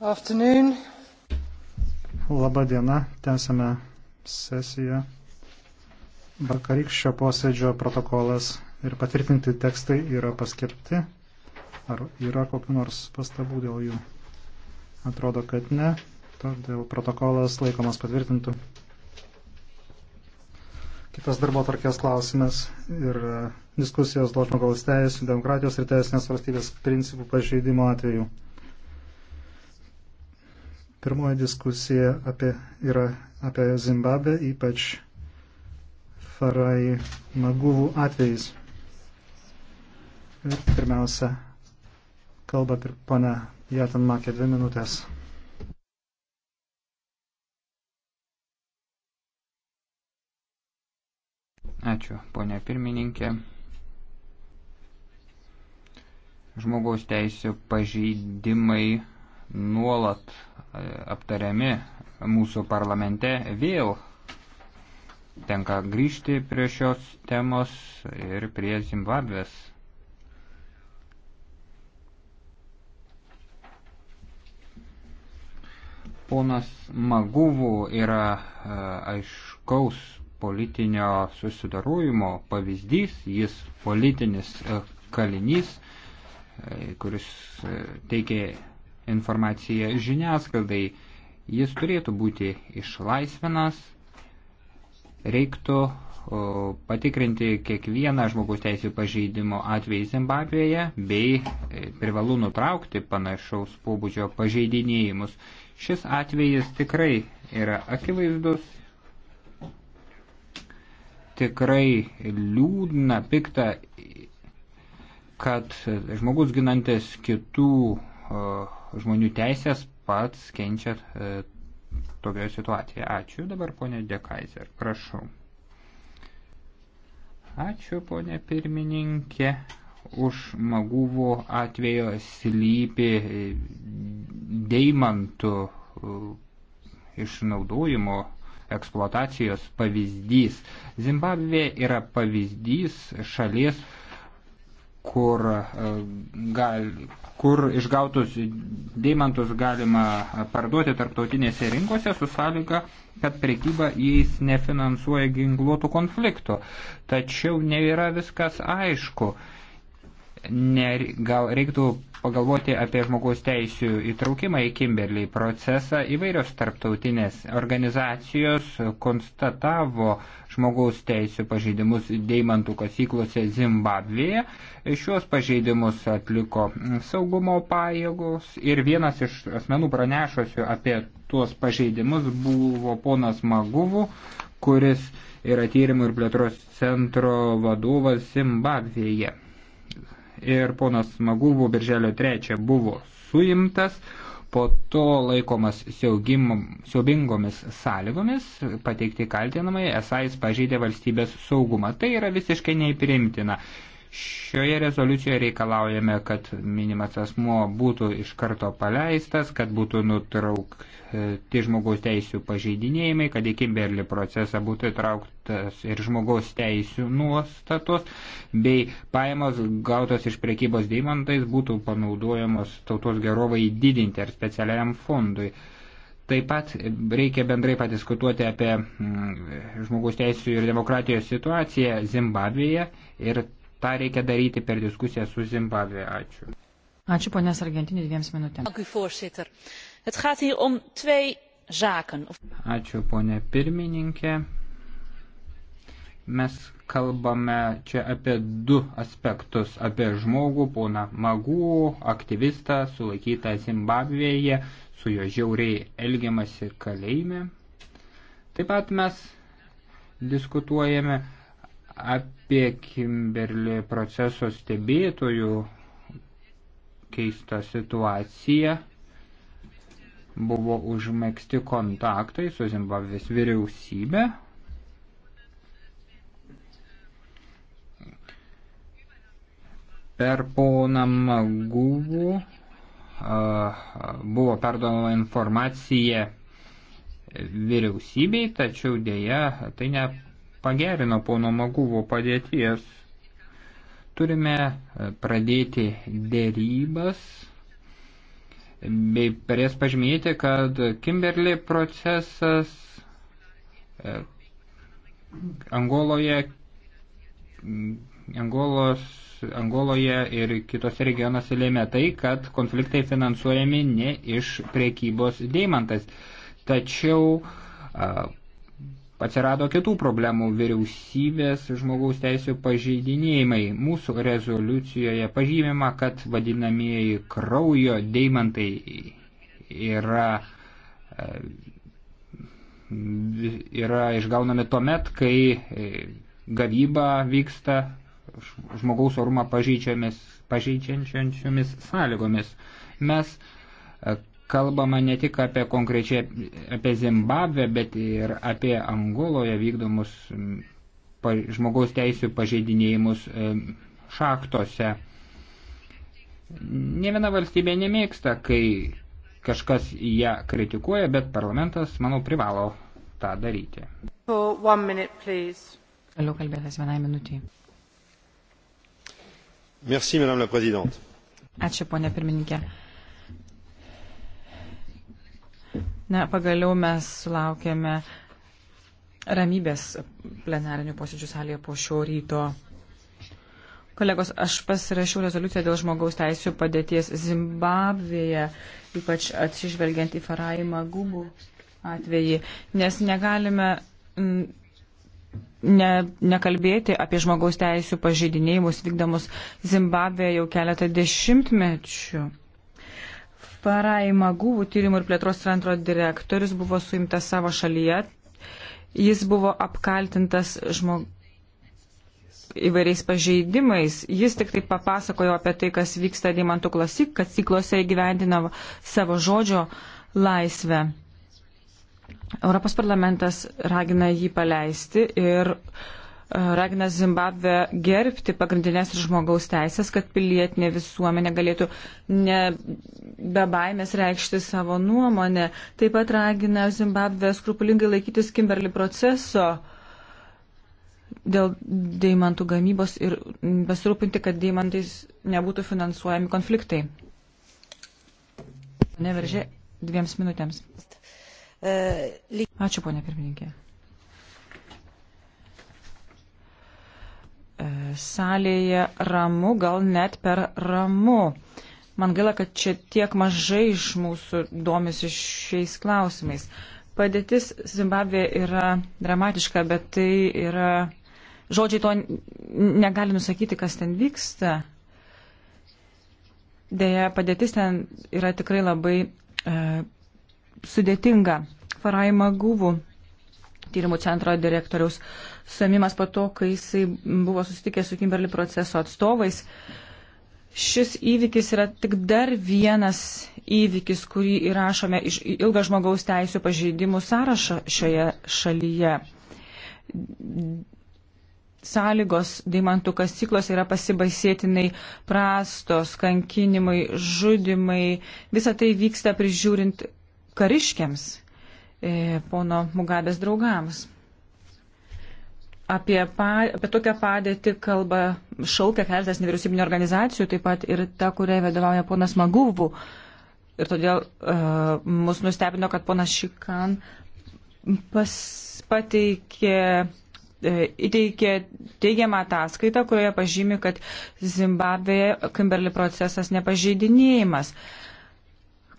Afternoon. Labą dieną, tęsame sesiją. Vakarykščio posėdžio protokolas ir patvirtinti tekstai yra paskelbti. Ar yra kokiu nors pastabų dėl jų? Atrodo, kad ne. Todėl protokolas laikomas patvirtintų. Kitas darbo tvarkės klausimas ir diskusijos dėl žmogaus teisų, demokratijos ir teisinės valstybės principų pažeidimo atveju. Pirmoji diskusija apie, yra apie Zimbabvę, ypač Farai Maguvų atvejais. Ir pirmiausia, kalba ir ponia Jatan Makė dvi minutės. Ačiū, ponia pirmininkė. Žmogaus teisų pažeidimai nuolat e, aptariami mūsų parlamente, vėl tenka grįžti prie šios temos ir prie Zimbabvės. Ponas Maguvų yra e, aiškaus politinio susidarūjimo pavyzdys, jis politinis e, kalinys, kuris teikia informaciją žiniasklaidai. Jis turėtų būti išlaisvinas, reiktų patikrinti kiekvieną žmogaus teisų pažeidimo atvejį Zimbabvėje bei e, privalu nutraukti panašaus pobūdžio pažeidinėjimus. Šis atvejis tikrai yra akivaizdus, tikrai liūdna, pikta, kad žmogus ginantis kitų žmonių teisės pats kenčia e, tokioje situacijoje. Ačiū dabar, ponė Dekaiser. Prašau. Ačiū, ponė pirmininkė. Už Magūvo atvejo slypi deimantų e, išnaudojimo eksploatacijos pavyzdys. Zimbabvė yra pavyzdys šalies, kur, e, gal, kur išgautus deimantus galima parduoti tarptautinėse rinkose su sąlyga, kad prekyba jais nefinansuoja ginkluotų konfliktų. Tačiau nėra viskas aišku ne, gal reiktų pagalvoti apie žmogaus teisų įtraukimą į Kimberley procesą. Įvairios tarptautinės organizacijos konstatavo žmogaus teisų pažeidimus deimantų kasyklose Zimbabvėje. Šiuos pažeidimus atliko saugumo pajėgos ir vienas iš asmenų pranešusių apie tuos pažeidimus buvo ponas Maguvų, kuris yra tyrimų ir plėtros centro vadovas Zimbabvėje ir ponas Maguvų birželio 3 buvo suimtas, po to laikomas siaubingomis sąlygomis, pateikti kaltinamai, esą jis pažeidė valstybės saugumą. Tai yra visiškai neįprimtina. Šioje rezoliucijoje reikalaujame, kad minimas asmuo būtų iš karto paleistas, kad būtų nutrauk, E, tie žmogaus teisų pažeidinėjimai, kad į Kimberly procesą būtų įtrauktas ir žmogaus teisų nuostatos, bei pajamos gautos iš prekybos deimantais būtų panaudojamos tautos gerovai didinti ar specialiam fondui. Taip pat reikia bendrai padiskutuoti apie mm, žmogaus teisų ir demokratijos situaciją Zimbabvėje ir tą reikia daryti per diskusiją su Zimbabvė. Ačiū. Ačiū ponės Argentinė dviems minutėms. Het gaat hier om twee zaken. Ačiū, ponė pirmininkė. Mes kalbame čia apie du aspektus - apie žmogų, poną Magų, aktyvistą, sulaikytą Zimbabvėje, su jo žiauriai elgiamasi kalėjime. Taip pat mes diskutuojame apie Kimberly proceso stebėtojų keistą situaciją buvo užmėgsti kontaktai su Zimbabvės vyriausybė. Per poną Maguvų buvo perdodama informacija vyriausybei, tačiau dėja tai nepagerino pono Maguvo padėties. Turime pradėti dėrybas bei perės pažymėti, kad Kimberly procesas e, Angoloje, Angolos, Angoloje ir kitose regionuose lėmė tai, kad konfliktai finansuojami ne iš priekybos deimantais. Tačiau atsirado kitų problemų - vyriausybės žmogaus teisų pažeidinėjimai. Mūsų rezoliucijoje pažymima, kad vadinamieji kraujo deimantai yra, e, yra išgaunami tuo met, kai e, gavyba vyksta žmogaus orumą pažeidžiančiomis sąlygomis. Mes e, kalbama ne tik apie konkrečiai apie Zimbabvę, bet ir apie Angoloje vykdomus žmogaus teisų pažeidinėjimus e, šaktose. Ne viena valstybė nemėgsta, kai kažkas ją kritikuoja, bet parlamentas, manau, privalo tą daryti. Toliau kalbėtas vienai minutį. Merci, Ačiū, ponė pirmininkė. Na, pagaliau mes sulaukėme ramybės plenarinių posėdžių salėje po šio ryto. Kolegos, aš pasirašiau rezoliuciją dėl žmogaus teisų padėties Zimbabvėje, ypač atsižvelgiant į Faraimą Gubų atvejį, nes negalime ne, nekalbėti apie žmogaus teisų pažydinėjimus vykdomus Zimbabvėje jau keletą dešimtmečių. Paraima Gūvų tyrimų ir plėtros centro direktorius buvo suimtas savo šalyje. Jis buvo apkaltintas žmog... įvairiais pažeidimais. Jis tik tai papasakojo apie tai, kas vyksta Deimantų klasik, kad ciklose įgyvendinavo savo žodžio laisvę. Europos parlamentas ragina jį paleisti ir uh, ragina Zimbabvę gerbti pagrindinės ir žmogaus teisės, kad pilietinė visuomenė galėtų ne be baimės reikšti savo nuomonę. Taip pat ragina Zimbabvę skrupulingai laikytis Kimberly proceso dėl deimantų gamybos ir pasirūpinti, kad deimantais nebūtų finansuojami konfliktai. Neveržė dviems minutėms. E, Ačiū, ponė pirmininkė. salėje ramu, gal net per ramu. Man gaila, kad čia tiek mažai iš mūsų domisi šiais klausimais. Padėtis Zimbabvė yra dramatiška, bet tai yra. Žodžiai to negali nusakyti, kas ten vyksta. Deja, padėtis ten yra tikrai labai e, sudėtinga. Farai Maguvų tyrimų centro direktoriaus suėmimas po to, kai jisai buvo susitikęs su Kimberly proceso atstovais. Šis įvykis yra tik dar vienas įvykis, kurį įrašome iš ilgą žmogaus teisų pažeidimų sąrašą šioje šalyje. Sąlygos daimantų kasyklos yra pasibaisėtinai prastos, kankinimai, žudimai. Visa tai vyksta prižiūrint kariškiams, e, pono Mugabės draugams. Apie, pa, apie tokią padėtį kalba šaukia keletas nevyriausybinio organizacijų, taip pat ir ta, kuriai vadovauja ponas Maguvų. Ir todėl uh, mus nustebino, kad ponas Šikan pas, pateikė, uh, įteikė teigiamą ataskaitą, kurioje pažymi, kad Zimbabvėje Kimberly procesas nepažeidinėjimas. Uh,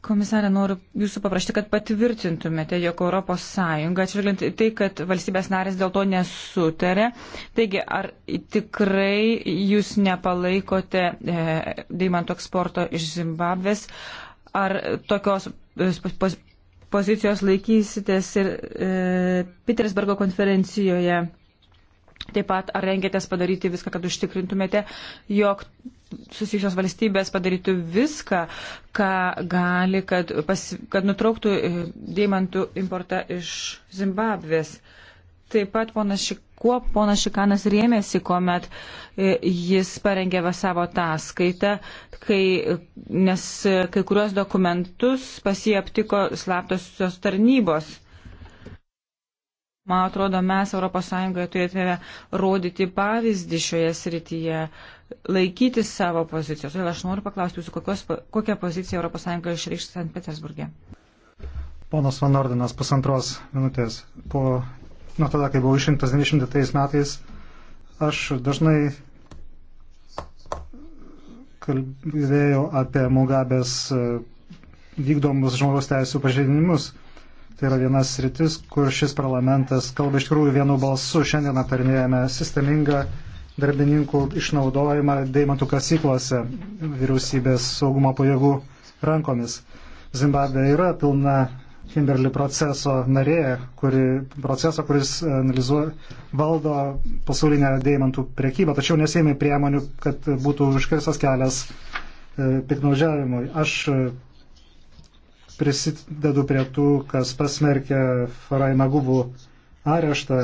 Komisarė, noriu jūsų paprašyti, kad patvirtintumėte, jog ES, atšvelgiant tai, kad valstybės narės dėl to nesutarė, taigi ar tikrai jūs nepalaikote e, daimantų eksporto iš Zimbabvės, ar tokios e, poz, pozicijos laikysitės ir e, Petersburgo konferencijoje? Taip pat, ar rengėtės padaryti viską, kad užtikrintumėte, jog susijusios valstybės padarytų viską, ką gali, kad, pas, kad nutrauktų e, deimantų importą iš Zimbabvės. Taip pat ponas Šik, kuo ponas Šikanas rėmėsi, kuomet e, jis parengė savo ataskaitą, kai, nes kai kuriuos dokumentus pasijaptiko slaptosios tarnybos. Man atrodo, mes ES turėtume rodyti pavyzdį šioje srityje, laikytis savo pozicijos. Todėl aš noriu paklausti jūsų, kokios, kokią poziciją ES išreikš Sankt Petersburgė. Ponas Van Ordinas, pusantros minutės. Po, nuo tada, kai buvau išrinktas 90 metais, aš dažnai kalbėjau apie Mugabės e, vykdomus žmogaus teisų pažeidimus. Tai yra vienas rytis, kur šis parlamentas kalba iš tikrųjų vienu balsu. Šiandien aptarnėjame sistemingą darbininkų išnaudojimą deimantų kasyklose vyriausybės saugumo pajėgų rankomis. Zimbabvė yra pilna Kimberly proceso narė, kuri, proceso, kuris e, analizuoja, valdo pasaulinę deimantų priekybą, tačiau nesėmė priemonių, kad būtų užkirstas kelias e, piknaudžiavimui. Aš e, prisidedu prie tų, kas pasmerkė Farai Magubų areštą,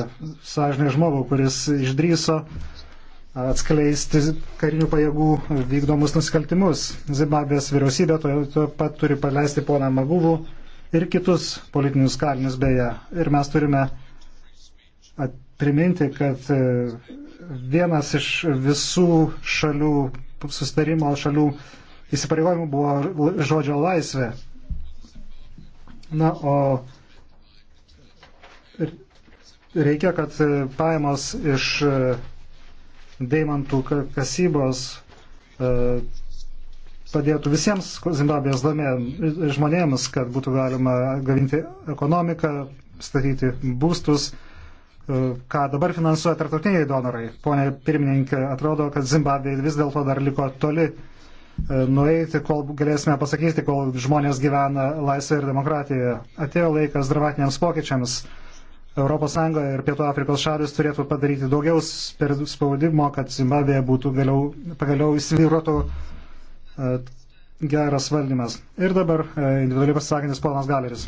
sąžinę žmogų, kuris išdryso atskleisti karinių pajėgų vykdomus nusikaltimus. Zimbabvės vyriausybė taip pat turi paleisti poną Maguvų ir kitus politinius kalinius beje. Ir mes turime priminti, kad e, vienas iš visų šalių sustarimo šalių įsipareigojimų buvo žodžio laisvė. Na, o reikia, kad e, pajamos iš e, deimantų kasybos e, padėtų visiems Zimbabvės žmonėms, kad būtų galima gavinti ekonomiką, statyti būstus, e, ką dabar finansuoja tarptautiniai donorai. Pone pirmininkė, atrodo, kad Zimbabvė vis dėlto dar liko toli e, nueiti, kol galėsime pasakyti, kol žmonės gyvena laisvė ir demokratija. Atėjo laikas dramatiniams pokyčiams. ES ir Pietų Afrikos šalis turėtų padaryti daugiau spaudimo, kad Zimbabvėje būtų galiau, pagaliau įsivyruotų e, geras valdymas. Ir dabar e, individualiai pasisakantis ponas Galeris.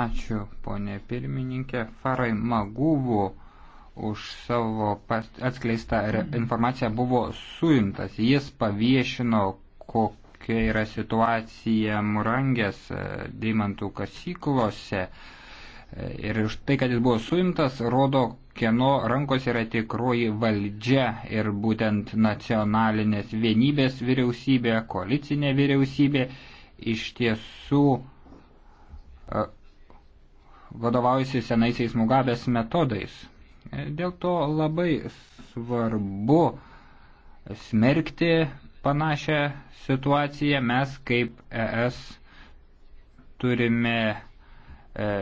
Ačiū, ponė pirmininkė. Farai Maguvų už savo atskleistą informaciją buvo suimtas. Jis paviešino, kokia yra situacija Murangės e, deimantų kasyklose. Uh, Ir už tai, kad jis buvo suimtas, rodo, kieno rankos yra tikroji valdžia ir būtent nacionalinės vienybės vyriausybė, koalicinė vyriausybė iš tiesų e, vadovaujasi senaisiais mugabės metodais. Dėl to labai svarbu smerkti panašią situaciją. Mes kaip ES turime e,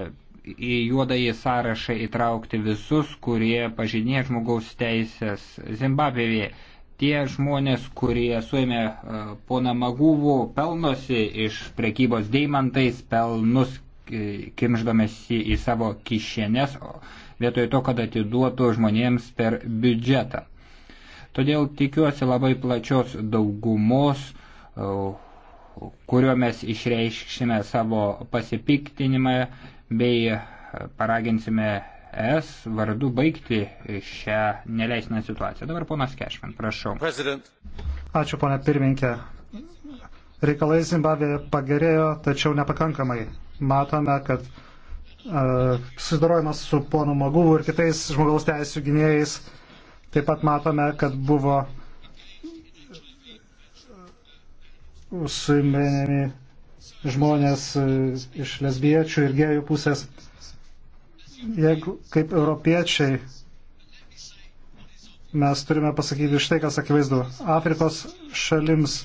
į juodąjį sąrašą įtraukti visus, kurie pažinė žmogaus teisės Zimbabvėje. Tie žmonės, kurie suėmė e, poną Magūvų, pelnosi iš prekybos deimantais, pelnus e, kimždamėsi į savo kišenės, vietoj to, kad atiduotų žmonėms per biudžetą. Todėl tikiuosi labai plačios daugumos e, kuriuo mes išreišksime savo pasipiktinimą bei paraginsime es vardu baigti šią neleisiną situaciją. Dabar ponas Kešman, prašau. President. Ačiū, ponia pirminkė. Reikalai Zimbabvėje pagerėjo, tačiau nepakankamai. Matome, kad uh, susidorojimas su ponu Maguvu ir kitais žmogaus teisų gynėjais. Taip pat matome, kad buvo suiminėmi žmonės e, iš lesbiečių ir gėjų pusės. Jeigu kaip europiečiai mes turime pasakyti štai, kas akivaizdu. Afrikos šalims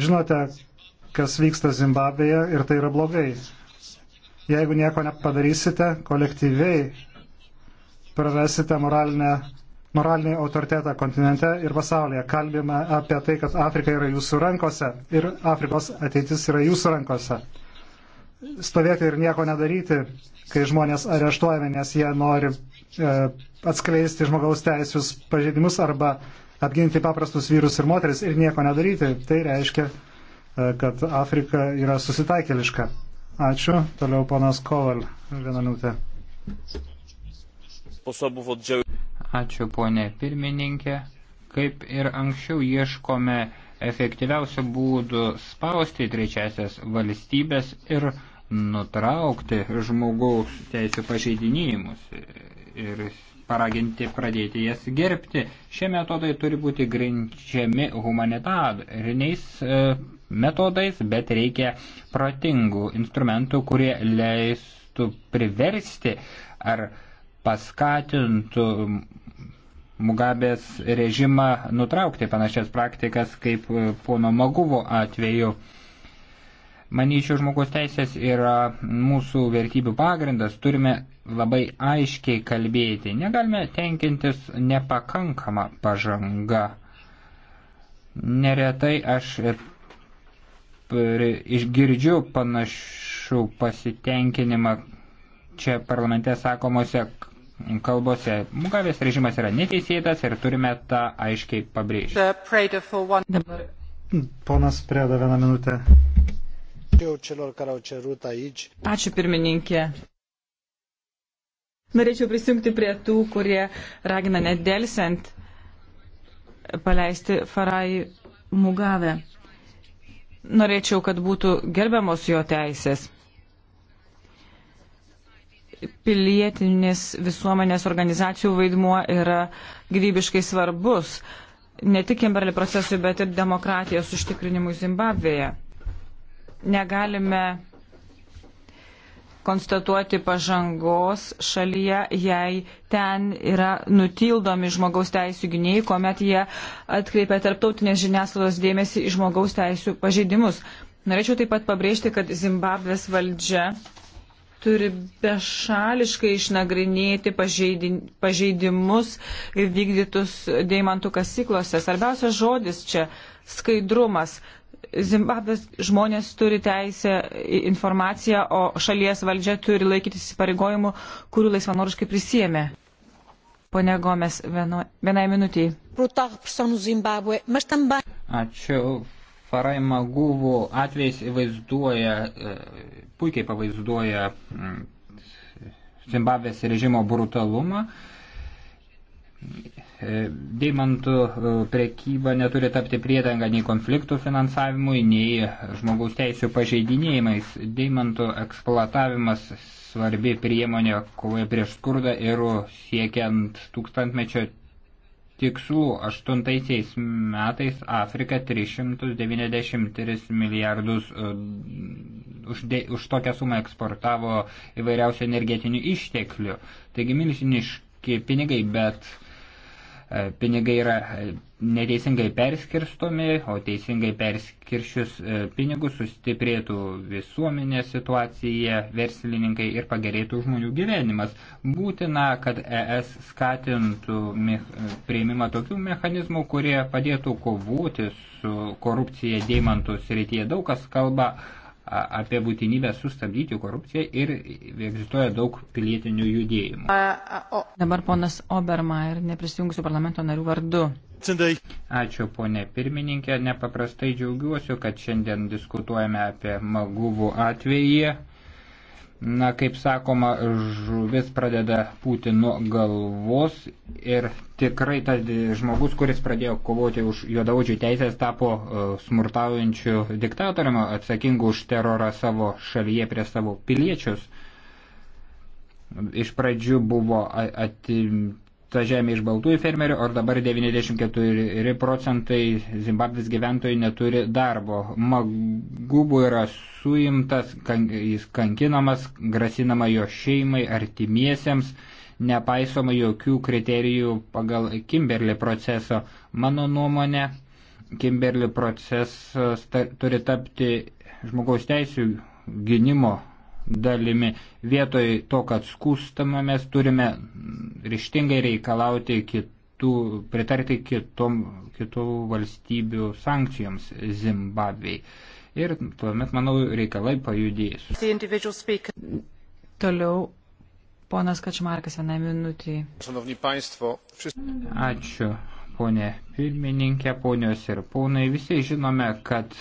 žinote, kas vyksta Zimbabvėje ir tai yra blogai. Jeigu nieko nepadarysite, kolektyviai prarasite moralinę moralinį autoritetą kontinente ir pasaulyje. Kalbime apie tai, kad Afrika yra jūsų rankose ir Afrikos ateitis yra jūsų rankose. Stovėti ir nieko nedaryti, kai žmonės areštuojami, nes jie nori e, atskleisti žmogaus teisės pažeidimus arba apginti paprastus vyrus ir moteris ir nieko nedaryti, tai reiškia, e, kad Afrika yra susitaikeliška. Ačiū. Toliau ponas Koval. Vieną minutę. Sposobów oddziaływania Ačiū ponė pirmininkė. Kaip ir anksčiau ieškome efektyviausių būdų spausti trečiasias valstybės ir nutraukti žmogaus teisų pažeidinėjimus ir paraginti pradėti jas gerbti. Šie metodai turi būti grinčiami humanitariniais e, metodais, bet reikia protingų instrumentų, kurie leistų priversti ar uh, paskatintų Mugabės režimą nutraukti panašias praktikas kaip pono Maguvo atveju. Manyčiau, žmogus teisės yra mūsų vertybių pagrindas, turime labai aiškiai kalbėti, negalime tenkintis nepakankama pažanga. Neretai aš išgirdžiu panašų pasitenkinimą čia parlamente sakomose kalbose. Mugavės režimas yra neteisėtas ir turime tą aiškiai pabrėžti. Dabar ponas Preda vieną minutę. Ačiū pirmininkė. Norėčiau prisijungti prie tų, kurie ragina nedelsiant paleisti Farai Mugavę. Norėčiau, kad būtų gerbiamos jo teisės pilietinės visuomenės organizacijų vaidmuo yra gyvybiškai svarbus ne tik Kimberly procesui, bet ir demokratijos užtikrinimui Zimbabvėje. Negalime konstatuoti pažangos šalyje, jei ten yra nutildomi žmogaus teisų gyniai, kuomet jie atkreipia tarptautinės žiniasklaidos dėmesį į žmogaus teisų pažeidimus. Norėčiau taip pat pabrėžti, kad Zimbabvės valdžia turi bešališkai išnagrinėti pažeidimus vykdytus deimantų kasyklose. Svarbiausias žodis čia - skaidrumas. Zimbabvės žmonės turi teisę į informaciją, o šalies valdžia turi laikytis įsipareigojimų, kurių laisvanoriškai prisėmė. Pone Gomes, vieno, vienai minutiai. Ačiū Paraimaguvų atvejs vaizduoja, e, puikiai pavaizduoja Zimbabvės režimo brutalumą. E, Deimantų e, prekyba neturi tapti priedanga nei konfliktų finansavimui, nei žmogaus teisų pažeidinėjimais. Deimantų eksploatavimas svarbi priemonė kovoje prieš skurdą ir siekiant tūkstantmečio tikslų. Aštuntaisiais metais Afrika 393 milijardus e, už, de, už tokią sumą eksportavo įvairiausių energetinių išteklių. Taigi milžiniški pinigai, bet e, pinigai yra neteisingai perskirstomi, o teisingai perskiršius e, pinigus sustiprėtų visuomenė situacija, verslininkai ir pagerėtų žmonių gyvenimas. Būtina, kad ES skatintų prieimimą tokių mechanizmų, kurie padėtų kovoti su korupcija deimantų srityje. Daug kas kalba apie būtinybę sustabdyti korupciją ir egzistuoja daug pilietinių judėjimų. Dabar ponas Oberma ir neprisijungusių parlamento narių vardu. Ačiū ponė pirmininkė, nepaprastai džiaugiuosi, kad šiandien diskutuojame apie maguvų atvejį. Na, kaip sakoma, žuvis pradeda pūti nuo galvos ir tikrai tas žmogus, kuris pradėjo kovoti už juodaudžių teisės, tapo e, smurtaujančiu diktatoriumi, atsakingu už terorą savo šalyje prie savo piliečius. Iš pradžių buvo atimti ta žemė iš baltųjų fermerių, o dabar 94 procentai Zimbabvės gyventojų neturi darbo. Magubu yra suimtas, kan, jis kankinamas, grasinama jo šeimai, artimiesiems, nepaisoma jokių kriterijų pagal Kimberlį proceso. Mano nuomonė, Kimberlį procesas ta, turi tapti žmogaus teisų gynimo dalimi. Vietoj to, kad skūstamamės, turime ryštingai reikalauti kitų, pritarti kitom, kitų valstybių sankcijoms Zimbabvei. Ir tuomet, manau, reikalai pajudės. Toliau ponas Kačmarkas vieną minutį. Ačiū ponė pirmininkė, ponios ir ponai. Visi žinome, kad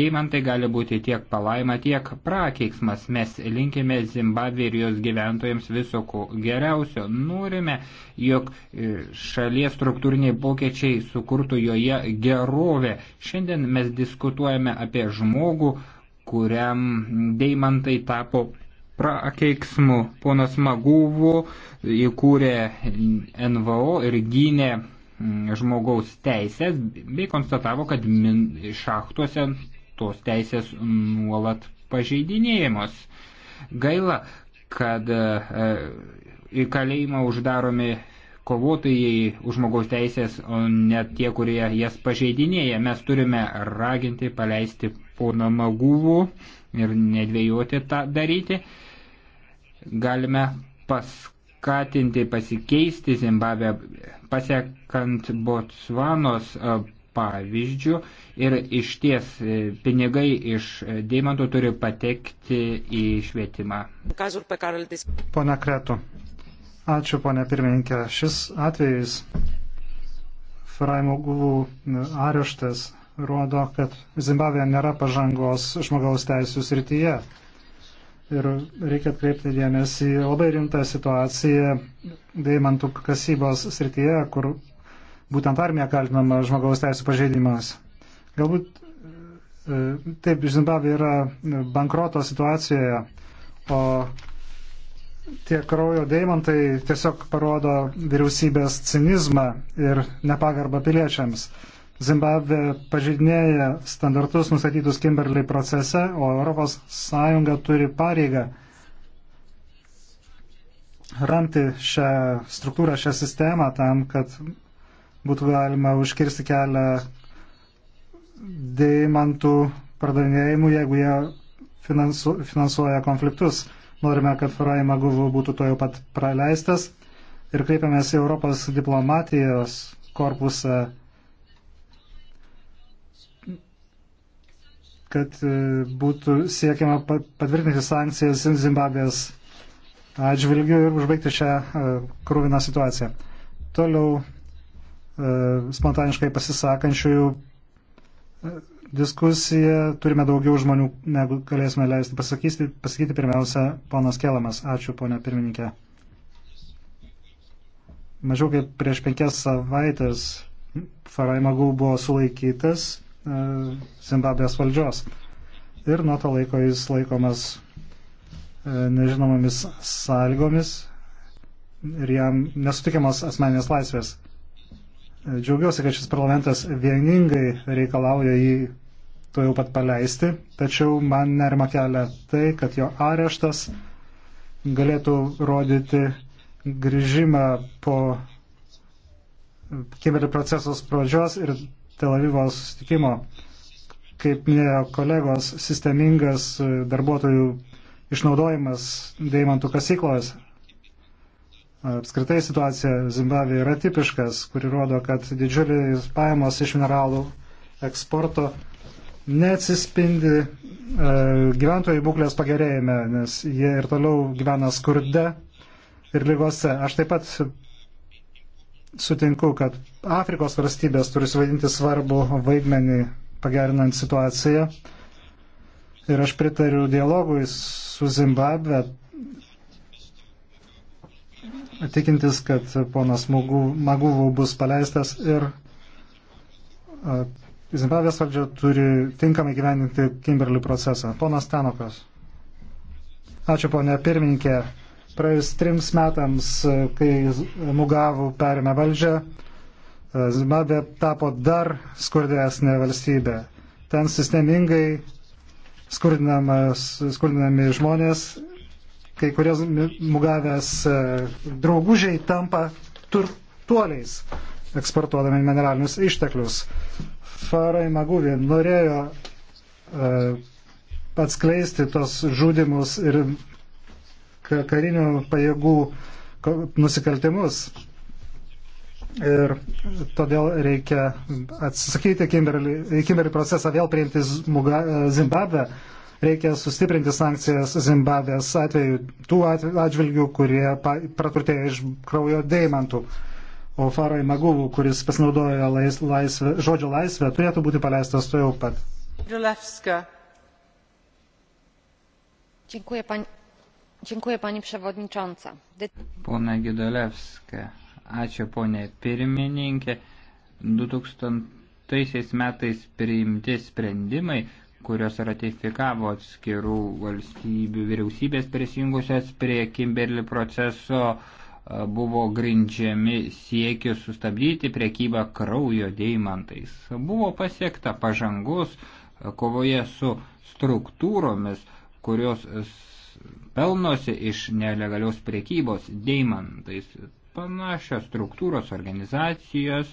deimantai gali būti tiek palaima, tiek prakeiksmas. Mes linkime Zimbabvė ir jos gyventojams viso ko geriausio. Norime, jog e, šalies struktūriniai pokyčiai sukurtų joje gerovę. Šiandien mes diskutuojame apie žmogų, kuriam deimantai tapo prakeiksmu. Ponas Maguvų įkūrė NVO ir gynė žmogaus teisės bei konstatavo, kad min, šachtuose tos teisės nuolat pažeidinėjimos. Gaila, kad e, į kalėjimą uždaromi kovotojai už žmogaus teisės, o ne tie, kurie jas pažeidinėja. Mes turime raginti, paleisti poną Maguvų ir nedvėjoti tą daryti. Galime paskui paskatinti pasikeisti Zimbabvę pasiekant Botsvanos e, pavyzdžių ir iš ties e, pinigai iš e, deimantų turi patekti į švietimą. Pone Kretu, ačiū pone pirmininkė. Šis atvejis Faraimo guvų areštas rodo, kad Zimbabvė nėra pažangos žmogaus teisų srityje ir reikia atkreipti dėmesį į labai rimtą situaciją deimantų kasybos srityje, kur būtent armija kaltinama žmogaus teisų pažeidimas. Galbūt e, taip, Zimbabvė yra bankroto situacijoje, o tie kraujo deimantai tiesiog parodo vyriausybės cinizmą ir nepagarbą piliečiams. Zimbabvė pažydinėja standartus nustatytus Kimberley procese, o ES turi pareigą ramti šią struktūrą, šią sistemą tam, kad būtų galima užkirsti kelią deimantų pardavinėjimų, jeigu jie finansu, finansuoja konfliktus. Norime, kad Farai Maguvu būtų to jau pat praleistas ir kreipiamės į Europos diplomatijos korpusą kad e, būtų siekiama patvirtinti sankcijas Zimbabvės atžvilgių ir užbaigti šią e, krūviną situaciją. Toliau e, spontaniškai pasisakančiųjų diskusiją turime daugiau žmonių, negu galėsime leisti pasakyti. Pasakyti pirmiausia, ponas Kelamas. Ačiū, ponia pirmininkė. Mažiau kaip prieš penkias savaitės Farai Magul buvo sulaikytas E, Zimbabvės valdžios. Ir nuo to laiko jis laikomas e, nežinomomis sąlygomis ir jam nesutikimas asmeninės laisvės. E, džiaugiuosi, kad šis parlamentas vieningai reikalauja jį to jau pat paleisti, tačiau man nerima kelia tai, kad jo areštas galėtų rodyti grįžimą po kiberprocesos pradžios ir Tel Avivo sustikimo. Kaip minėjo kolegos, sistemingas e, darbuotojų išnaudojimas deimantų kasyklos. Apskritai situacija Zimbabvėje yra tipiškas, kuri rodo, kad didžiulis pajamos iš mineralų eksporto neatsispindi e, gyventojų būklės pagerėjime, nes jie ir toliau gyvena skurde ir lygose. Aš taip pat sutinku, kad Afrikos valstybės turi suvaidinti svarbu vaidmenį pagerinant situaciją. Ir aš pritariu dialogui su Zimbabve, tikintis, kad ponas Maguvų bus paleistas ir Zimbabvės valdžia turi tinkamai gyveninti Kimberlių procesą. Ponas Tanokas. Ačiū, ponė pirmininkė. Praėjus trims metams, e, kai Mugavų perėmė valdžią, e, Zimbabvė tapo dar skurdesnė valstybė. Ten sistemingai skurdinami žmonės, kai kurie Mugavės e, draugužiai tampa turtuoliais, eksportuodami mineralinius išteklius. Farai Maguvė norėjo atskleisti tos žudimus ir karinių pajėgų nusikaltimus. Ir todėl reikia atsisakyti Kimberly procesą, vėl priimti Zimbabvę. Reikia sustiprinti sankcijas Zimbabvės atveju, tų atžvilgių, kurie praturtėjo iš kraujo deimantų. O Faroj Maguvų, kuris pasinaudojo lais, laisvė, žodžio laisvę, turėtų būti paleistas to jau pat. Dziękuję pani Pone Gidolevska, ačiū ponė pirmininkė. 2000 metais priimti sprendimai, kurios ratifikavo atskirų valstybių vyriausybės prisijungusios prie Kimberly proceso, buvo grindžiami siekiu sustabdyti priekybą kraujo deimantais. Buvo pasiekta pažangus kovoje su struktūromis, kurios pelnosi iš nelegalios priekybos deimantais. Panašios struktūros, organizacijos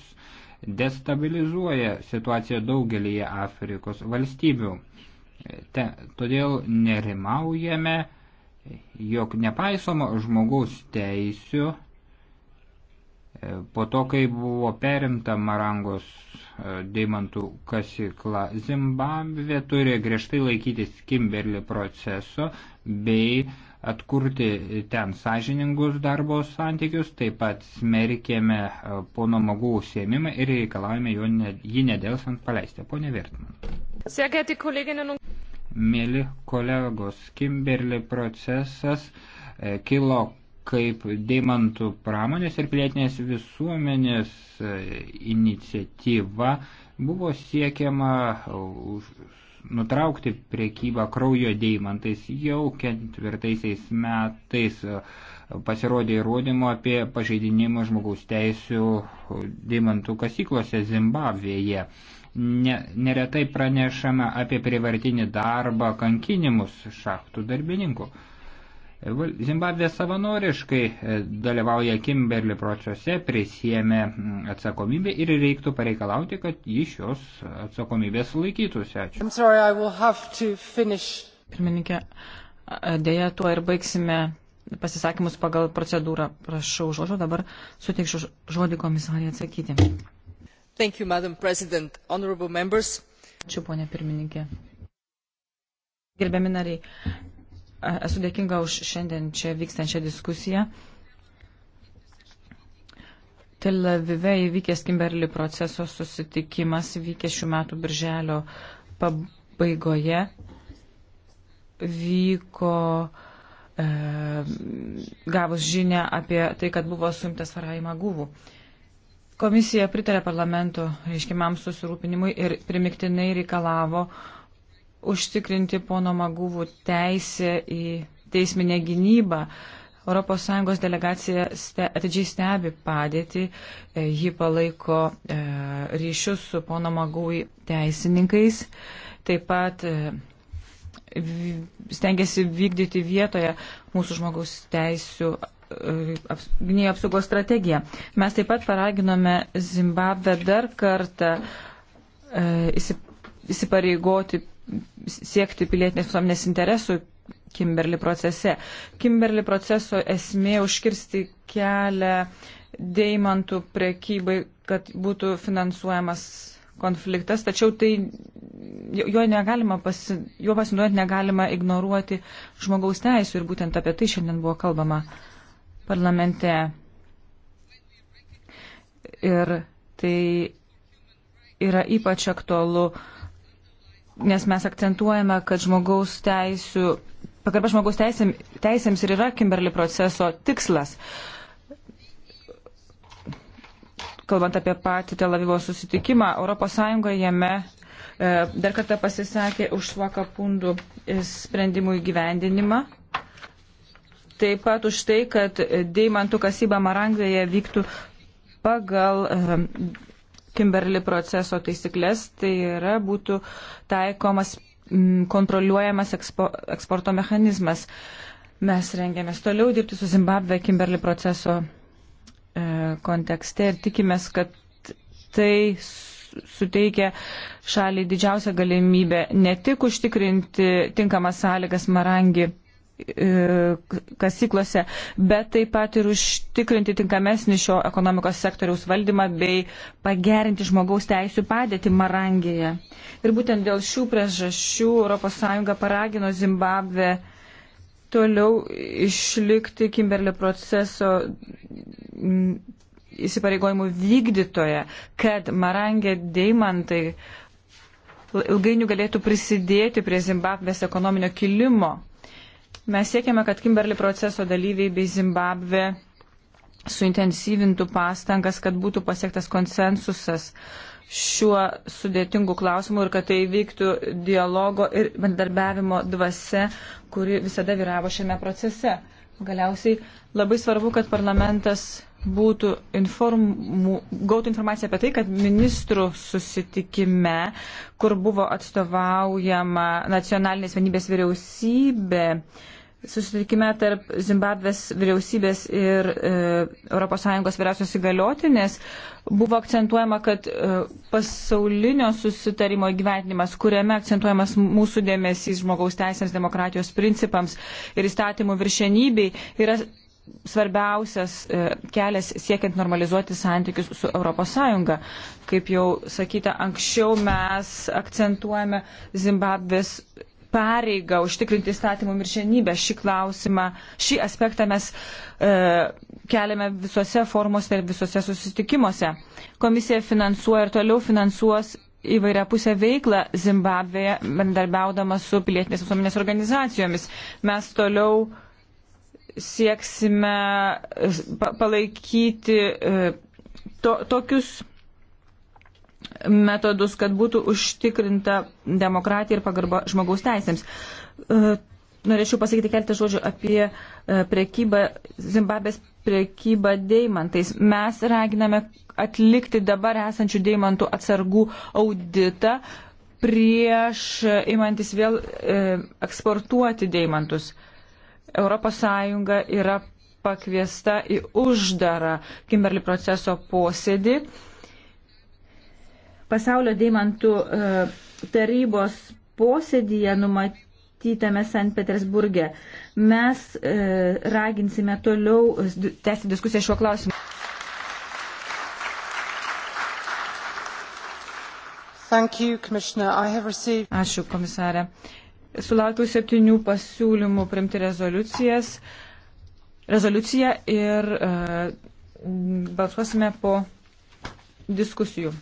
destabilizuoja situaciją daugelįje Afrikos valstybių. Te, todėl nerimaujame, jog nepaisoma žmogaus teisių Po to, kai buvo perimta Marangos e, deimantų kasykla, Zimbabvė turi griežtai laikytis Kimberly proceso bei atkurti ten sąžiningus darbo santykius, taip pat smerkėme e, pono Magų užsiemimą ir reikalavome ne, jį nedėlsant paleisti. Pone Vertman. Nu- Mėly kolegos, Kimberly procesas e, kilo kaip deimantų pramonės ir pilietinės visuomenės e, iniciatyva buvo siekiama nutraukti priekybą kraujo deimantais. Jau ketvirtaisiais metais e, pasirodė įrodymų apie pažeidinimą žmogaus teisų deimantų kasyklose Zimbabvėje. Ne, neretai pranešama apie privartinį darbą, kankinimus šachtų darbininkų. Zimbabvė savanoriškai e, dalyvauja Kimberly procese, prisėmė atsakomybę ir reiktų pareikalauti, kad iš jos atsakomybės laikytųsi. Ačiū. Sorry, Pirmininkė, dėja tuo ir baigsime pasisakymus pagal procedūrą. Prašau žodžio, dabar suteiksiu žodį komisarį atsakyti. Thank you, Madam President, honorable members. Ačiū, ponė pirmininkė. Gerbiami nariai, Esu dėkinga už šiandien čia vykstančią diskusiją. Tel Avive įvykęs Kimberly proceso susitikimas vykęs šių metų birželio pabaigoje vyko e, gavus žinę apie tai, kad buvo suimtas Faraima Guvų. Komisija pritarė parlamento reiškimam susirūpinimui ir primiktinai reikalavo e, užtikrinti pono Maguvų teisę į teisminę gynybą. ES delegacija ste, atidžiai stebi padėtį, e, ji palaiko e, ryšius su pono Magui teisininkais, taip pat e, stengiasi vykdyti vietoje mūsų žmogaus teisų e, gynėjų apsaugos strategiją. Mes taip pat paraginome Zimbabvę dar kartą e, įsipareigoti siekti pilietinės visuomenės interesų Kimberly procese. Kimberly proceso esmė užkirsti kelią deimantų prekybai, kad būtų finansuojamas konfliktas, tačiau tai jo negalima, pasi, jo pasinaudojant negalima ignoruoti žmogaus teisų ir būtent apie tai šiandien buvo kalbama parlamente. Ir tai yra ypač aktualu uh, nes mes akcentuojame, kad žmogaus teisų, pagarba žmogaus teisėm, teisėms ir yra Kimberly proceso tikslas. Kalbant apie patį Tel Avivo susitikimą, ES jame e, dar kartą pasisakė už svakapundų e, sprendimų įgyvendinimą. Taip pat už tai, kad deimantų kasyba Marangvėje vyktų pagal e, Kimberly proceso taisyklės, tai yra būtų taikomas mm, kontroliuojamas ekspo, eksporto mechanizmas. Mes rengiamės toliau dirbti su Zimbabve Kimberly proceso e, kontekste ir tikimės, kad tai suteikia šaliai didžiausią galimybę ne tik užtikrinti tinkamas sąlygas Marangi E, kasyklose, bet taip pat ir užtikrinti tinkamesnį šio ekonomikos sektoriaus valdymą bei pagerinti žmogaus teisų padėtį Marangėje. Ir būtent dėl šių priežasčių ES paragino Zimbabvę toliau išlikti Kimberlio proceso įsipareigojimų vykdytoje, kad Marangė deimantai ilgainių galėtų prisidėti prie Zimbabvės ekonominio kilimo. Mes siekiame, kad Kimberly proceso dalyviai bei Zimbabve suintensyvintų pastangas, kad būtų pasiektas konsensusas šiuo sudėtingu klausimu ir kad tai vyktų dialogo ir bendarbiavimo dvasia, kuri visada vyravo šiame procese. Galiausiai labai svarbu, kad parlamentas būtų informu, gautų informaciją apie tai, kad ministrų susitikime, kur buvo atstovaujama nacionalinės vienybės vyriausybė, uh, susitikime tarp Zimbabvės vyriausybės ir e, ES vyriausios įgaliotinės buvo akcentuojama, kad e, pasaulinio susitarimo įgyventinimas, kuriame akcentuojamas mūsų dėmesys žmogaus teisėms, demokratijos principams ir įstatymų viršenybei, yra svarbiausias e, kelias siekiant normalizuoti santykius su ES. Kaip jau sakyta, anksčiau mes akcentuojame Zimbabvės pareigą užtikrinti įstatymų miršenybę. Šį klausimą, šį aspektą mes e, keliame visose formose ir visose susitikimuose. Komisija finansuoja ir toliau finansuos įvairia pusę veiklą Zimbabvėje, bendarbiaudama su pilietinės visuomenės organizacijomis. Mes toliau sieksime palaikyti e, to, tokius metodus, kad būtų užtikrinta demokratija ir pagarba žmogaus teisėms. E, norėčiau pasakyti keletą žodžių apie e, prekybą, Zimbabvės prekybą deimantais. Mes raginame atlikti dabar esančių deimantų atsargų auditą prieš e, imantis vėl eksportuoti deimantus. ES yra pakviesta į uždarą Kimberly proceso posėdį pasaulio deimantų e, tarybos posėdyje numatytame Sankt Petersburgė. Mes e, raginsime toliau tęsti diskusiją šiuo klausimu. You, received... Ačiū, komisarė. Sulaukiau septynių pasiūlymų primti rezoliucijas. Rezoliuciją ir uh, balsuosime po diskusijų.